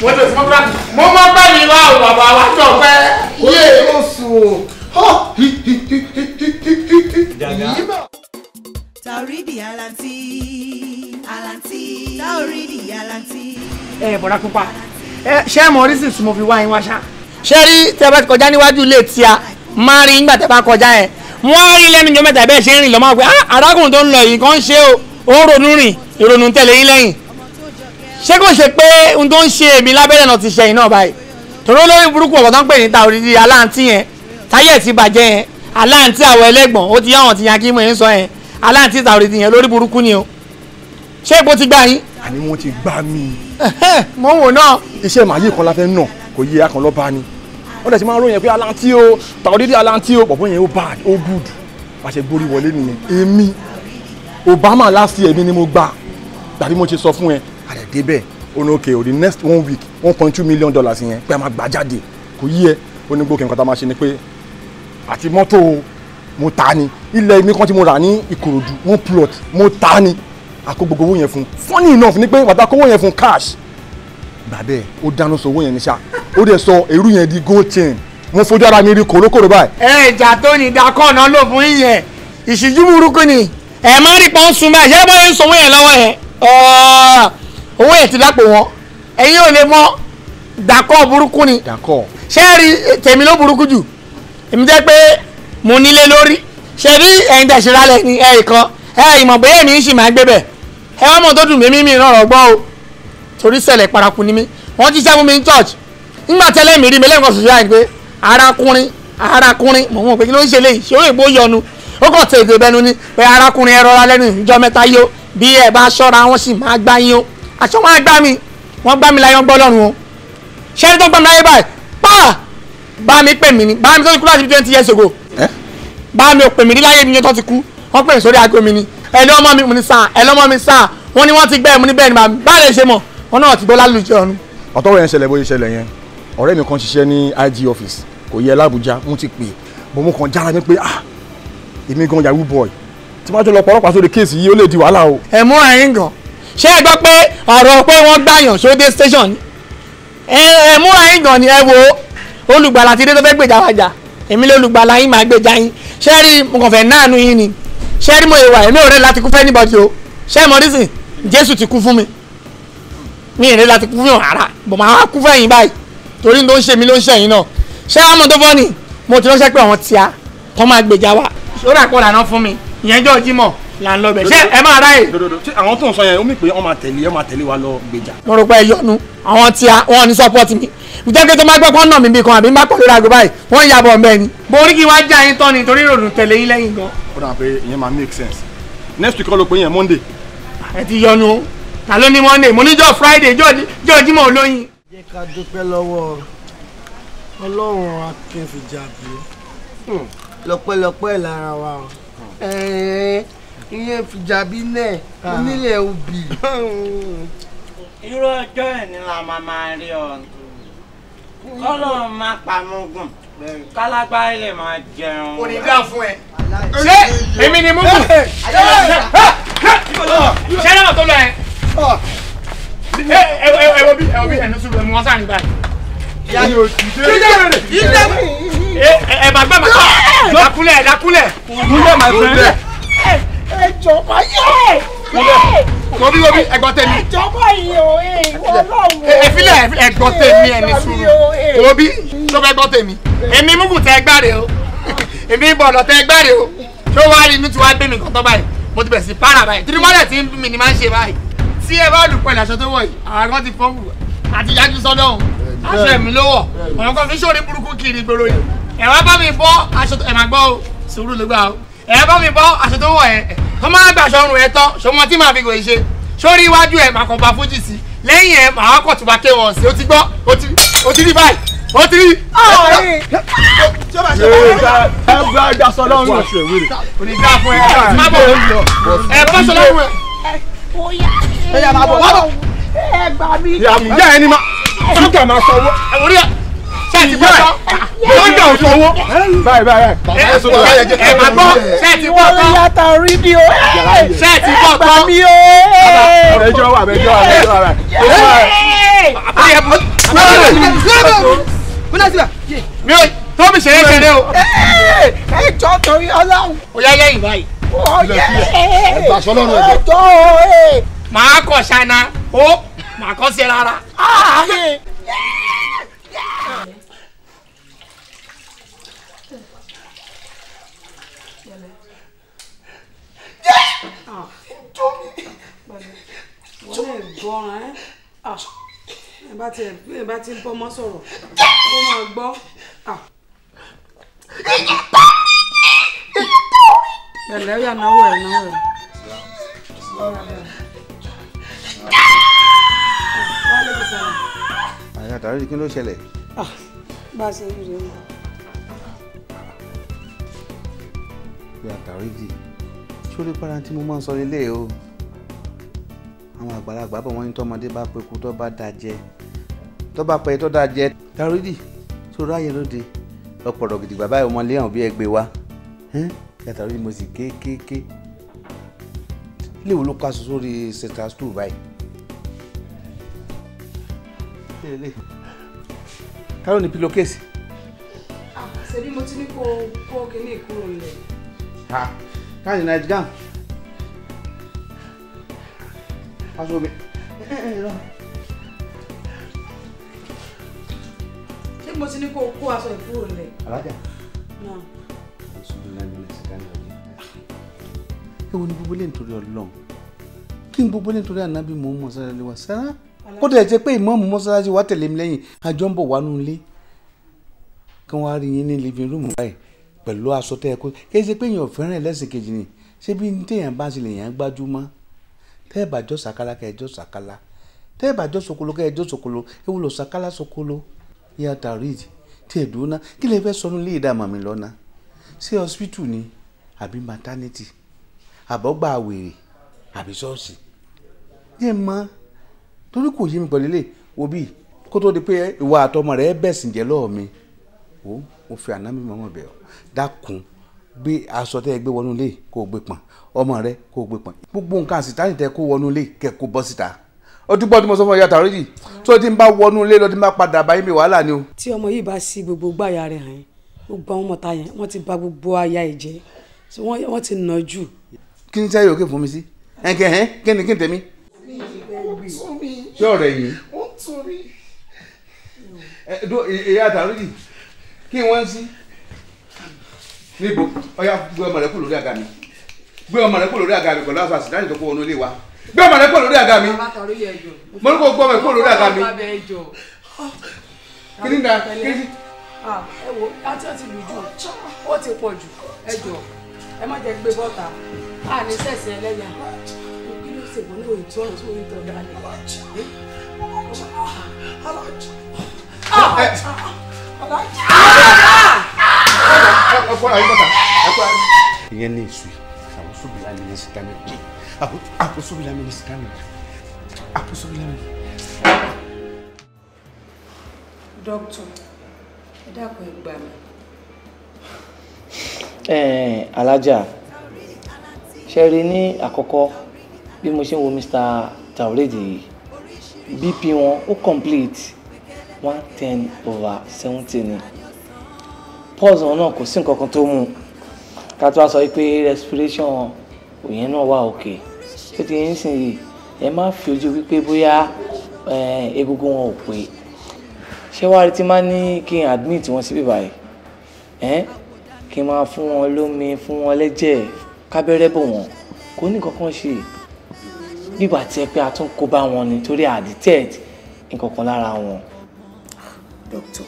wọ́n tó sọ́kọ́ bá mọ́ mọ́ bá mi wá o bàbá wa gbọ́ pẹ́. kò yẹ sùn o. Jàgá taoridi alanti alanti taoridi alanti. ẹ bọ̀dá pupa ẹ ṣé ẹ mọ orísìí tí mo fi wá yín wá ṣá. ṣé rí tẹ bá kọjá níwájú ilé tíya máa rí nígbà tẹ bá kọjá yẹn wọ́n rí lẹ́nu ìjọ mẹ́ta bẹ́ẹ̀ ṣe ń rìn lọ́mọ́ pé ah, arákùnrin tó ń lọ yìí kan ń ṣe ó ń ronú rìn ìrònú tẹ̀lé yín lẹ́yìn ṣé kò ṣe pé ohun tó ń ṣe èmi lábẹ́rẹ́ náà ti ṣẹ̀yìn náà báyìí tòró lórí burúkú ọ̀pọ̀ tó ń pè ní ta òrìrì aláǹtí yẹn táyẹ̀ ti bàjẹ́ yẹn aláǹtí àwọ̀ ẹlẹ́gbọ̀n ó ti yá àwọn ti yan kí mo ń sọ yẹn aláǹtí ìsàwòrán ti yẹn lórí burúkú ni o ṣé ipò ti gbà yín. àní wọn ti gbà mí. mo wò náà. iṣẹ́ màáyì kan la fẹ́ nà kò yẹ akànlọ́ bá ni wọ́n dẹ̀ ti máa ń ròyìn pé aláǹtí o tàwọn dídí aláǹtí o pọ̀pọ̀ yẹn ó bad ó good bá ṣe gbórí wọlé nìyẹn èmi Obama last year mi ni mo gbà tàbí mo ti sọ fún ẹ àdẹ̀dẹ̀ bẹ́ẹ̀ ó ní okay o the next one week one point two million dollars yẹn pé a máa gbà jáde kò yí ẹ ó ní gbókè nǹkan tá a máa ṣe ni pé àti mọ́tò mo ta ni ilẹ̀ mi kan tí mo rà ní Ìkòròdú one plot mo ta ni àkó gbogbo owó yẹn fún funny enough ni pé bàtà kówó yẹn fún cash bàbẹ́ ó dáná sọ owó yẹn ní sá ó dẹ̀ sọ èrú yẹn di gold chain mo fojú ara mi rí kòrókòrò báyìí. ẹ ìjà tó ní ìdákọ̀ ọ̀nà ló fún yín ìṣíjú burúkú ni ẹ má rí pọ́n sun bẹ́ẹ̀ ṣé bọ́ yẹn ń sanwó yẹn lọ́wọ́ yẹn owó yẹn ti dàpọ̀ wọn ẹ̀yin ò lè mọ dàkọ̀ burúkú ni ṣé rí tèmi ló burúkú jù èmi jẹ́ pé mo nílé lórí ṣebí ẹ̀yin tẹ̀sí rálẹ̀ ni ẹ̀ ìkan ẹ̀ ìmọ̀ bóyá èmi ń sì máa gbé bẹ̀ ẹ wọ́n mọ̀ tó dùn mí mímì náà rọ̀gbọ́ o torí ṣẹlẹ̀ paraku ni mí wọ́n ti ṣẹ́gun mi ní church nígbà tẹ́lẹ̀ mi rí mi lẹ́ẹ̀kan ṣoṣo àyìn pé arákùnrin arákùnrin mọ̀ mọ̀ pé kí ló ń ṣe léyìí ṣé ó ègbó yọnu ó kàn tètè bẹnu ni pé arákùnrin ẹ rọra lẹ́nu ìjọ mẹ́ta yó bí ẹ bá ṣọ́ra wọn sì máa gbá yín o àṣọ wọn gbá mi wọn gbá mi láyé wọn gbọ́ lọ́rùn o ṣé ẹni tó gbá mi láyé báyìí pa bá mi pè mí ni bá mi tó ti kú láti twenty years ago bá mi ò pè mí rí láyé mi yẹn tó ti kú wọ́n pè sórí aago mi ni ẹni ọmọ mi mo ní sàn ẹni ọmọ mi sàn wọ́n ní wọ́n ti gbẹ́ mo ní bẹ́ẹ̀ ni màá bá lè ṣe mọ̀ wọn náà ti gbọ́ lálùjọ ọ̀run. ọ̀tọ́wọ̀ yẹn ṣẹlẹ̀ bó ṣe ṣẹlẹ̀ yẹn ọ̀rẹ́ mi kan ṣiṣẹ́ ní IG office kò yẹ lábújá mo ti pè mo mú kan jára mi pé ah èmi gan yahoo boy tí wọ́n á lọ pọ̀lọ́pàá sórí kéèsì yìí ó lè di wàhálà o. ẹ mú ẹyin gan ṣé ẹ gbọ́ pé ọ̀rọ̀ pé wọ́n gbàyàn sóde station ẹ mú ẹyin gan ni ẹ wo olùgbàlà ti dé tó fẹ́ gbèjà wájà èmi lé olùgbàlà yín máa gbèjà yín ṣẹ́rí mo kàn fẹ́ náànú yín ni ṣẹ́rí mo ìwà ẹ̀mí ò rẹ̀ láti kú fẹ́ anybody o ṣẹ́ mo rí sìn Jésù ti kú fún mi mi ìrẹ́ láti kú fún ara bọ̀ máa wá kú fẹ́yìn báyìí torí ló ń ṣe mi ló ń ṣe yín náà ṣé àwọn ọmọ tó fọ́ ni mo ti ránṣẹ́ pé àwọn tíya tó máa gbèjà wa ṣó rà kó fún mi ìyẹn jọ́ là ń lọ bẹ̀ ṣé ẹ máa ráyè. ṣé àwọn tó ń sọ yẹn ó mì pé wọ́n máa tẹ̀lé wọ́n máa tẹ̀lé wa lọ gbèjà. mo rò pé ẹ yọnu àwọn tí wọn ní support mi jẹ́ pé tó máa gbọ́ pọ́n nà mí bí kan àbí má pọ̀ lórí aago báyìí wọ́n yà bọ̀ mbẹ́ ni. borí kí wàá já yín tán ni torí ròdùn tẹ̀lé yín lẹ́yìn gan. ó dà pé ìyẹn máa make sense next week kọ́ ló pé yẹn Monday. ẹ ti yọnu ta ló ní Monday mo ní jọ Friday jọ Jímọ̀ olóyin. jẹ́ ká dúpẹ́ lọ́wọ́ Ọlọ́run akínfìjàbí hmm. lọ́pẹ́lọpẹ́ lára wa hmm ìyẹn fìjàbí náà onílẹ̀ obì. irú ọjọ́ ẹ̀ ni la máa máa rí ọ kọ́lọ́ máa pàmùgùn kálágbá ilé máa jẹun. òní dá fún ẹ. ṣé èmi ni múgù. ṣé náà tó lọ ẹ. ẹ wo bí ẹ wo bí ẹnu sùn lómi wọn sàn nígbà yìí. ìyá yóò ti dé. ìdá mi. ẹ ẹ bàgbẹ́ màá. dákúlẹ̀ dákúlẹ̀. múlẹ̀ màá fẹ́ ẹ jọ máa yẹ yẹ. Wọ́bí wọ́bí ẹ̀gbọ́n tẹ̀mí. Ìjọba yìí o, ìwọ ọlọ́run. Ẹ̀fílẹ̀ ẹ̀gbọ́n tẹ̀mí ẹni sùúrù. Wọ́bí tó fẹ́ gbọ́ tẹ̀mí. Èmi múgù tẹ gbáre o. Èmi bọ̀lọ̀ tẹ gbáre o. Ṣé wàá rí inú tí wàá gbé mi nǹkan tán báyìí? Mo ti bẹ̀rẹ̀ sí para báyìí. Tìrì mọ́lẹ̀ tí mi ni máa ń ṣe báyìí. Tí ẹ bá lù pẹ̀lú aṣọ tó wọ̀ yìí, àwọn kan ti fọ́ wù àti yájú sọ́dọ̀ òun. Aṣọ ẹ̀mí ló wọ̀. Ọ̀nà kan fi ṣòrí burúkú kiri ìgboro yìí. Ẹ wá bá mi bọ́ aṣọ ẹ̀ máa gbọ́ o. Sùúrù ló gbà o ẹ bá mi bọ́ aṣọ tó wọ̀ ẹ tó máa gbàṣọ ọrùn ẹ tán ṣọmọ tí màá fi gòye ṣe sórí iwájú ẹ màá kàn bá fújì sí lẹ́yìn ẹ màá kọ̀ tó ké wọ̀ sí o ti gbọ́ o ti rí báyìí o ti rí. ọ̀rẹ́ ṣé o bá ṣe wọ́n rẹ̀. ẹ gba ìdásọ lọ́rùn rẹ̀. onídàá fún ẹ ẹ má bọ̀ ẹ bọ́ṣọ lọ́rùn ẹ. ó yà á ṣe é wọ́n ẹ gbà mí. ìyá ẹni máa sọ́kà máa sọ owó ṣẹ́ẹ̀tì pọ́tọ́ lọ́dọ̀ òṣòwò. báyìí báyìí báyìí. ẹ máa gbọ́ ṣẹ́ẹ̀tì pọ́tọ́. wọ́n yàtọ̀ rédíò. ṣẹ́ẹ̀tì pọ́tọ́. àbá mi o. àbẹjọ àbẹjọ àbẹjọ ara. mi ò tó mi ṣeré ṣeré o. ẹ jọ torí Ọlọ́run. o yá lẹ́yìn báyìí. o yẹ ẹ jọ o. màá kọ̀ ṣáná o màá kọ́ sí rárá. wọ́n lè gbọ́ràn ẹ́ ẹ bá ti ẹ bá ti ń bọ́ mọ́ sọ̀rọ̀ kó máa gbọ́. pẹ̀lẹ́ ó yà náwó ẹ̀ náwó ẹ̀. àyà tàbí kí ló ṣẹlẹ̀. bá a ṣe ń rí i. bí a tàbí di sórí para tí mo máa ń sọ nílé o àwọn àgbàlagbà bọ̀ wọ́n ní tọ́mọdé bá peku tó bá da jẹ tó bá pẹ́ tó da jẹ dárídì sórí ayé lóde ọ̀pọ̀rọ̀ gidigba báyìí ọmọlé àwọn bí ẹgbẹ́ wa yàtọ̀ lórí mo sì kéékèèké ilé wo ló ká sọ sórí sèta stool báyìí. káró ni pillowcase. àṣẹ ah, bí mo ti ní kó kó kíní ìkúrò nílẹ̀ káàdì náà ẹ̀dìgán aṣọ mi ṣé mo ti ní kó kó aṣọ ìkúrò lẹ. alájà ewu ni gbogbo lè nítorí Ọlọ́run kí ni gbogbo lè nítorí ànábì mò ń mọ sára lè sára kódà ẹ jẹ́ pé ìmọ̀ọ́mù mọ́sálásí wa tẹ̀lé mi lẹ́yìn àjọ ń bọ̀ wá nù kí wọ́n á rí yín ní living room báyìí pẹ̀lú aṣọ tẹ́ ẹ kó kí ẹ ṣe pé èèyàn fẹ́ràn ẹlẹ́sìn kejì ni ṣé bí ní téèyàn bá ṣe lè yàn gbájúmọ́ tẹ́ ẹ bá jọ sàkálà kẹ́ ẹ jọ sàkálà tẹ́ ẹ bá jọ sokolo kẹ́ ẹ jọ sokolo ewu lọ sàkálà sokolo yíya tàríd tí ẹ dùn náà kí lè fẹ́ sọnù lé ìdá màmí lọ́nà ṣé hospital ni àbí maternity àbọ̀gbà wèrè àbí ṣọ́ọ̀ṣì yẹ mọ torí kò yé mi pẹ̀lú ilé òbí kó tó di pé ìwà àtọmọ rẹ bẹ̀sìn jẹ́ lọ́ọ̀ mi ó mo fi àná mi mọ́mọ́ bẹ̀ ọ́ dákun gbé aṣọ tẹ́ ẹ gbé wọnú ilé kó o gbé pọ̀n ọmọ rẹ kó o gbé pọ̀n gbogbo nǹkan àṣìta nìtẹ́ kó wọnú ilé kẹ́ kó bọ́ síta ọdún bọ́ọ̀dún mo sọ fún ọ yàtọ̀ rídì tó ti ń bá wọnú ilé lọ́dún bá padà báyìí mi wàhálà ni o. tí ọmọ yìí bá sí gbogbo gbàyà rẹ̀ hàn gbogbo àwọn ọmọọta yẹn wọ́n ti bà gbogbo aya ẹ̀ jẹ́ wọ́n ti nà jù. kí ni sẹ́yìn òkè fún mi sí ẹ̀kẹ́ ẹ̀ kí ni kí ni tẹ̀mí. ṣé ọ̀rẹ́ yìí. ìyá àtàrídì kí wọ́n sí níbo ọyá gbé ọmọ rẹ kú lórí àga mi gbé ọmọ rẹ kú lórí àga mi pẹ̀lú aṣọ àṣìdáyé tó kó wọnú ilé wa gbé ọmọ rẹ kú lórí àga mi mo ní kó gbé ọmọ rẹ kú lórí àga mi kí ni da kí ni. ẹ wo láti ọtí lù jù ó ti pọ̀ jù ẹ jọ ẹ má jẹ́ gbé bọ́ta a ní sẹ̀sẹ̀ ẹlẹ́yà kí ló ṣègbọ́n náà èyí tó ń tó ń tọ́ dání. alájà alájà alájà ẹ̀kọ́ ayé bàtà ẹ̀kọ́ ayé. ìyẹn ní èso yìí àwọn sóbìlà mi ní sítánì àwọn sóbìlà mi ní sítánì àwọn sóbìlà mi. dókítà ẹ dákun ẹ gbà mí. alájà ṣe rí ní àkọ́kọ́ bí mo ṣe ń wo Mr. Taoridi yìí BP wọn ó complete one ten over seventy ni pause wọn náà kò sí nǹkan kan tó mú un ká tó wá sọ pé respiration òyìn náà wà òkè tó ti ń sìn yìí ẹ má fi ojú wípé bóyá egungun wọn ò pé ṣé wàá rí tí má ní kí n admit wọn síbí báyìí kí n máa fún wọn lómi fún wọn lẹ́jẹ̀ kábẹ́rẹ́ bò wọ́n kò ní kankan ṣe bíbà tí ẹ pé a tún kó bá wọn nítorí àdìtẹ́ẹ̀tì nǹkan kan lára wọn. doctor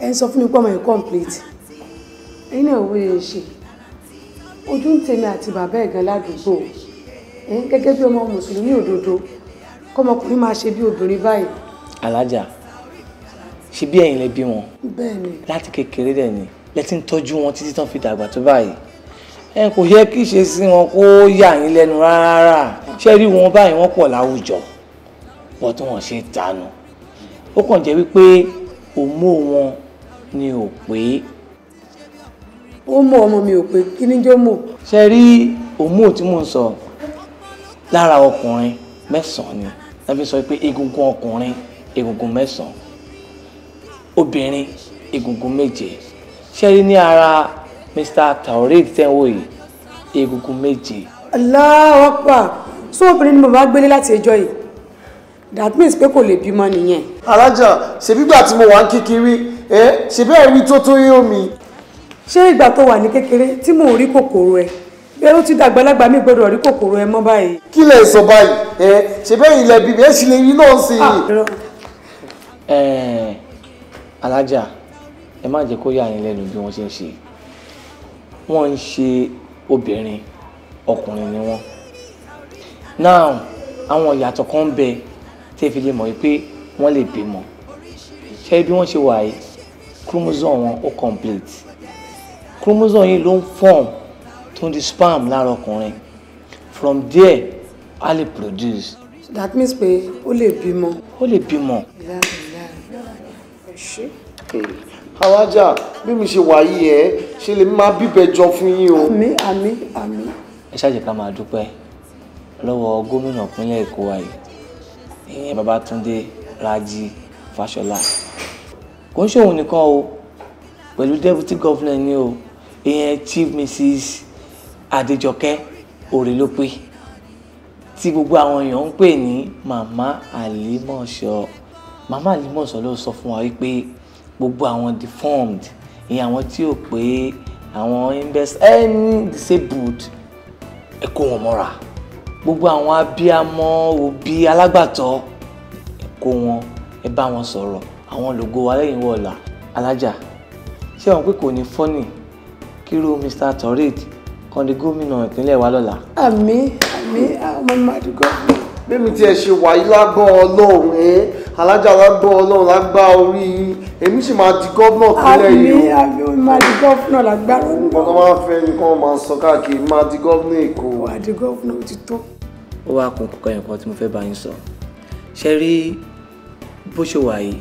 ẹ ń sọ fún mi pé ọmọ yẹn complete ẹ̀yin náà wọ́n yẹn ṣe ojú ń tèmi àti bàbá ẹ̀ gan ládùúgbò ẹ̀ gẹ́gẹ́ bí ọmọ mùsùlùmí òdodo kọ́mọkùnrin máa ṣe bí obìnrin báyìí. alájà ṣe bí ẹ̀yin lè bí wọn. bẹ́ẹ̀ni. láti kékeré dẹ̀ ni lẹ́tí ń tọ́jú wọn títí tán fi dàgbà tó báyìí ẹ kò yẹ kí ṣe sí wọn kó yà yín lẹ́nu rárá ṣé rí wọn báyìí wọ́n pọ̀ láwùjọ bọ́ tí wọ́n ṣe dànù ó kàn jẹ́ wípé òmó wọn ni ò pé. ó mọ ọmọ mi ò pé kí ni jó mọ. ṣe rí òmùò tí mò ń sọ lára ọkùnrin mẹ́sàn-án ni wọ́n fi sọ egungun ọkùnrin egungun mẹ́sàn-án egungun méje ṣe rí ní ara Mr. Taoreed tẹ́wọ̀ yìí egungun méje. Allahu Akbar so obìnrin ni mo bá gbélé láti ẹjọ́ yìí that means pé kò lè bímọ nìyẹn. alájà ṣèbígbà tí mo wà ń kíkiri ẹ ṣe bẹ́ẹ̀ rí tó tó yé omi. ṣé ìgbà tó wà ní kékeré tí mò ń rí kòkòrò ẹ ẹ ó ti dàgbàlagbà mi gbọ́dọ̀ rí kòkòrò ẹ mọ́ báyìí. kí lè sọ báyìí ẹ ṣe bẹ́ẹ̀ ilẹ̀ bíbí ẹ sì lè rí náà sí i. Ah, alájà ẹ má jẹ́ kó yà yín lẹ́nu bí wọ́n ṣe ń ṣe wọ́n ń ṣe obìnrin ọkùnrin ni wọ́n now àwọn ìyàtọ̀ kan ń bẹ tẹ́ fi lè mọ̀ pé wọ́n lè bímọ ṣé bí wọ́n ṣe wà chromosome wọn ó complete chromosome yìí ló ń form to the di sperm lára ọkùnrin from there a lè produce. that means pé ó lè bímọ. ó lè bímọ. àwájà bí mi ṣe wà yìí ẹ ṣe lè máa bíbẹ jọ fún yín o. àmín àmín àmín. ẹ ṣáàjì ká máa dúpẹ́ lọ́wọ́ gómìnà ìpínlẹ̀ èkó wa yìí ìyẹn Babátúndé Rájí Fáṣọlá kò ń ṣòun nìkan o pẹ̀lú deputy governor ni o ìyẹn chief mrs adéjọkẹ́ òrèlópé tí gbogbo àwọn èèyàn ń pè ní mama àlímọ̀ṣọ́ màmá àlímọ̀ṣọ́ ló sọ fún wa wípé gbogbo àwọn deformed ìyẹn àwọn tí ò pé àwọn invest any disabled ẹ kó wọn mọ́ra gbogbo àwọn abiyamọ òbí alágbàtọ́ kó wọn ẹ bá wọn sọ̀rọ̀ àwọn lògo alẹ́yìnwó ọ̀la alájà ṣé àwọn pé kò ní fọ́nì kírú Mr. Torrid, kan di gómìnà ìpínlẹ̀ wa lọ́la. àmì àmì àmọ́ màdùgọ́. bẹ́ẹ̀ni tí ẹ ṣe wàyí lágbọ́n ọlọ́run ẹ alájà lágbọ́n ọlọ́run lágbá orí yín èmi sì máa di gómìnà ìpínlẹ̀ yìí. àmì àmì máa di gómìnà lágbára. nǹkan tó máa ń fẹ́ nǹkan máa ń sọ káàkiri máa di gómìnà èkó. wà á di gómìnà ó ti tó. ó wáá kun kọkọ yẹn kan tí mo fẹ́ bá yín sọ ṣe rí bó ṣe wà yìí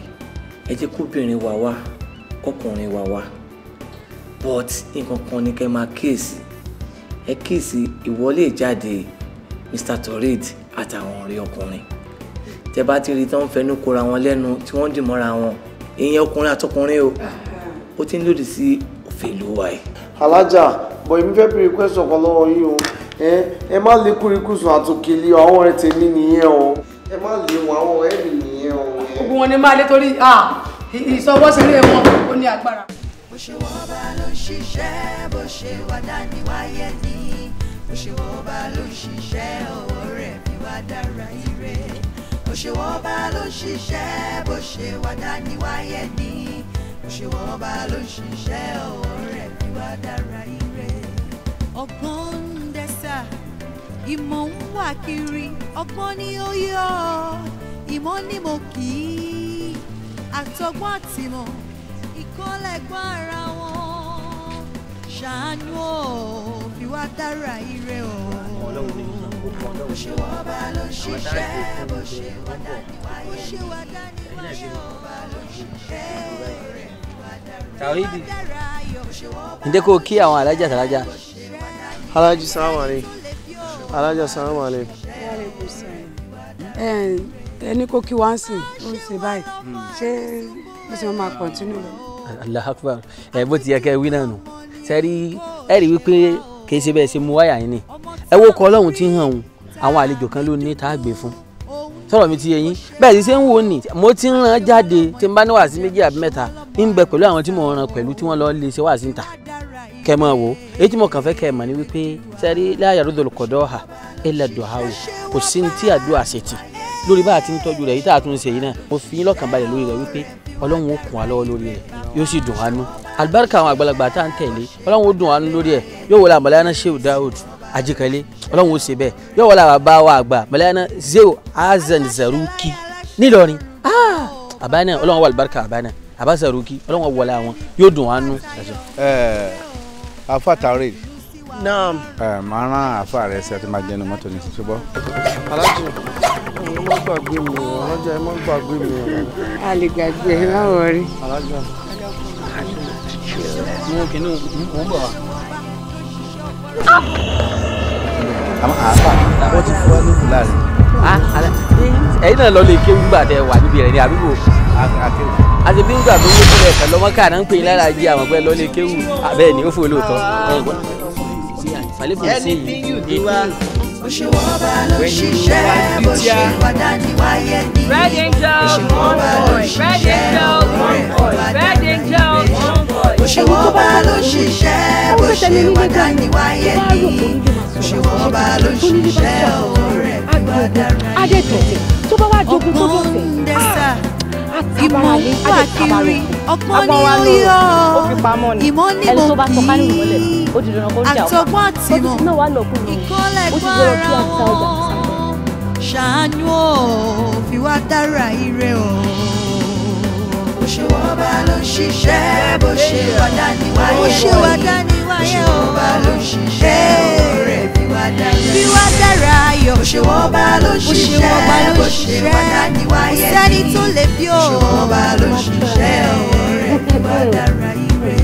ẹ jẹ́ kóbìnrin wà wá kọkùnrin wà wá but nǹkan kan ni kẹ́ máa kíyèsí ẹ kíyèsí ìwọlé ìjáde Mr Torid àtàwọn ọ̀rẹ́ ọkùnrin tẹ bá ti rí i tí wọ́n fẹnu kora wọn lẹ́nu tí wọ́n dì mọ́ra wọn ìyẹn ọkùnrin àtọkùnrin o ó ti ń lòdì sí òfin ìlú wa yìí. alájà bọ̀ èmi fẹ́ bèrè question kan lọ́wọ́ yìí o ẹ má lè kúrikùsùn àtòkèlè àwọn ọ̀rẹ́ tèmi nìyẹn o ẹ má lè wọ àwọn ọ̀rẹ́ mi nìyẹn o gbogbo wọn ni máa lé torí ah, ìsọwọ́sẹ̀rẹ̀ wọn ó ní agbára. bó ṣe wọ́ bá ló ń ṣiṣẹ́ bó ṣe wá dání wáyé ni bó ṣe wọ́ bá ló ṣiṣẹ́ owó rẹ̀ fi wá dára ire bó ṣe wọ́ bá ló ṣiṣẹ́ bó ṣe wá dání wáyé ni bó ṣe wọ́ bá ló ṣiṣẹ́ owó rẹ̀ fi wá dára ire. ọgbọ́n ń dẹ́sà ìmọ̀ ń wà kiri ọgbọ́n ni ó yọ ọ́ ìmọ̀ ni mo kì í àtọgbọ́n àtìmọ̀ ìkọ́lẹ̀gbọ́n ara wọn ṣàánú ò fi dára ire o. bó ṣe wọ́n bá ló ṣiṣẹ́ bó ṣe wá dání wáyé bó ṣe wá dání wáyé o bá ló ṣiṣẹ́ tàwídì ǹjẹ́ kó o kí àwọn alájà tàlájà. alájà sáwọn alájà sáwọn ẹni kò kí wọ́n sìn ó ń ṣe báyìí ṣé ó sì máa kọ̀ntínú lọ. Allahu Akbar ẹ bó ti yẹ kẹ wí náà nù sẹ́rí ẹ rí wípé kì í ṣe bẹ́ẹ̀ ṣe mú wáyà yín ni ẹ wo kọ ọlọ́run tí ń hàn òun àwọn àlejò kan ló ní tá a gbé fún sọ̀rọ̀ mi ti yẹ yín bẹ́ẹ̀ sì ṣe ń wò ní mo ti ń ran jáde tí n bá ní wàásí méjì àbí mẹ́ta ń bẹ pẹ̀lú àwọn tí mo ràn pẹ̀lú tí wọ́n lọ lè ṣe wàásí ń ta kẹ mọ wo èyí tí mo kàn fẹ́ kẹ mọ̀ ni wípé sẹ́rí láyàrá dòlùkọ̀dọ́ ọ̀hà ẹ̀ lẹ́dọ̀ ha o kò sí ní tí àdúrà ṣe tì lórí bá a ti ń tọ́jú rẹ̀ yìí tá a tún ń ṣe yìí náà mo fi yín lọ́kàn balẹ̀ lórí rẹ̀ wípé ọlọ́run ó kún wa lọ́wọ́ lórí rẹ̀ yóò sì dùn wánú alibarika àwọn àgbàlagbà tá à ń tẹ̀lé ọlọ́run ó dùn wánú lórí ẹ̀ yóò wọlé àmàlẹ́yàná sheu daoud ajikalẹ ọlọ́run ó ṣe bẹ́ẹ̀ yóò wọlé àbá wa àgbà àmàlẹ́yàná zeo azan zaruki nílọrin ah! àbá náà ọlọ́run wà alibarika àbá náà àbá zaruki ọlọ́run wọlé àwọn yóò dùn wánú. ẹ eh, naam. ẹ máa rán àáfà rẹ sí àti máa jẹnu mọ́tò ní sísú bọ́. aláàjì ẹ má gbàgbé mi o ọlọ́jà ẹ má gbàgbé mi o. a lè gbàgbé ẹ báwo rí. aláàjì mo kì í nù mo ń bọ̀ wá. àmọ́ àáfà wọ́n ti fọ́ ní fúlàní. Ah, ẹ̀yin náà lọ lè ké wúgbà tẹ wà níbi rẹ̀ ní àdúgbò àti bí wúgbà tó ń gbé fún ẹ̀ka lọ́mọ́ká náà ń pè é lára jí àwọn ọ̀gbẹ́ lọ́lé kéwù àbẹ́ẹ̀ ni ó fò lóòótọ́. Ah tí àìsàlẹ̀ fún sí yìí ètò ah. bó ṣe wọ́n bá ló ṣiṣẹ́ bó ṣe padà ní wáyé ní red angel one boy red angel one boy red angel one boy bó ṣe wọ́n bá ló ṣiṣẹ́ bó ṣe padà ní wáyé ní bó ṣe wọ́n bá ló ṣiṣẹ́ ọ̀rẹ́ padà rẹ̀. adẹ́tọ̀tẹ̀ tó bá wá jogún tó dọ̀tẹ̀ ah. àtàbàrà lé adẹ́tọ̀tẹ̀ ọgbọ́n ni ó yọ ìmọ̀ ni mo bí àtọgbọ́n àti mọ̀ ìkọ́lẹ̀ gbọ́ra wọn ṣàánú ò fi wá dára ire o. bó ṣe wọ́n bá ló ń ṣiṣẹ́ bó ṣe wà dáníwáyé bó ṣe wà dáníwáyé o bó ṣe wọ́n bá ló ń ṣiṣẹ́ òórẹ̀ bí bí wá dára ayọ̀ kò ṣe wọ́n bá ló ṣiṣẹ́ kò ṣe wọ́n dání wáyé ní sẹ́ni tó lè bí o kò ṣe wọ́n bá ló ṣiṣẹ́ ọ̀rẹ́ bí wá dára ire.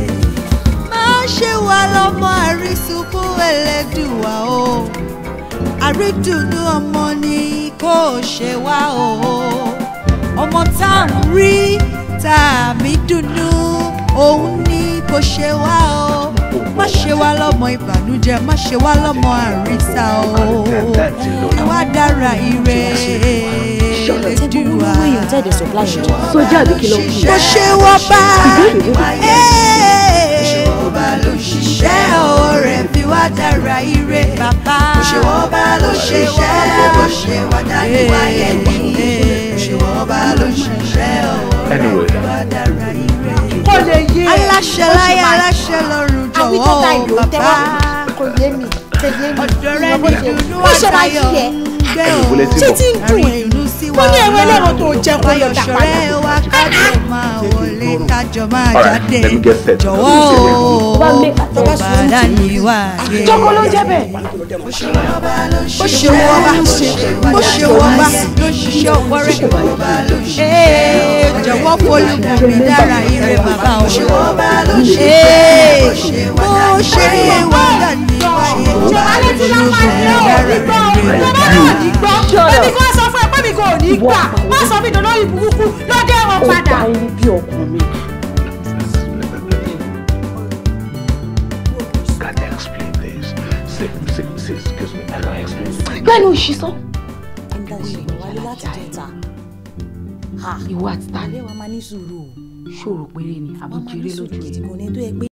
máa ṣe wá lọ́mọ àrísùkú ẹlẹ́dùnwá o àrídùnú ọmọ ni kò ṣe wá o ọmọ tá à ń rí tàmí dùnú òun ni kò ṣe wá o ṣe wá lọ́mọ ìbànújẹ́ má ṣe wá lọ́mọ àrísà o wá dára ire lẹ́dùwà sójà àbí kí ló kù. bó ṣe wọ́n bá bó bá ló ṣiṣẹ́ ọ̀rẹ́ bí wá dára ire bàbá bó ṣe wọ́n bá ló ṣiṣẹ́ bó ṣe wá dání wáyé ní bó ṣe wọ́n bá ló ṣiṣẹ́ ọ̀rẹ́ bí wá dára ire. kò lè yé aláṣẹ láyé aláṣẹ lọ́rọ̀ jọ̀wọ́ oh, bàbá kò yé mi kò mi ìyàwó yé ẹ ò ṣé tí ń ní ẹ̀rọ ẹlẹ́rọ tó jẹ́ kó lọ dà padà. alright let me get set. jọ̀wọ́ o bàdá ni wà dé. jọ́kọ́ ló jẹ́ bẹ́ẹ̀. ó ṣe wọ́n bá ó ṣe wọ́n bá ló ṣiṣẹ́ ọ̀pọ̀ rẹ̀. jọ̀wọ́ polúkúmi dára ire bàbá o. ó ṣe wọ́n bá ló ṣe wọ́n dá ṣọlálẹ́ tí ló máa ń lé òní gbọ́ òní gbọ́ bẹ́ẹ̀ kó sọ fún ẹ pé mi kò ní gbà má sọ mí dùn lórí burúkú lọ́dẹ wọn padà. ó bá yín bí ọkùnrin. bẹ́ẹ̀ ni òṣìṣọ́. nígbà ìṣèlú wálé láti jẹta. ìwà àti tani. ṣòro péré ni àbújá eré lójú ẹ̀. mo ní tó yẹ pé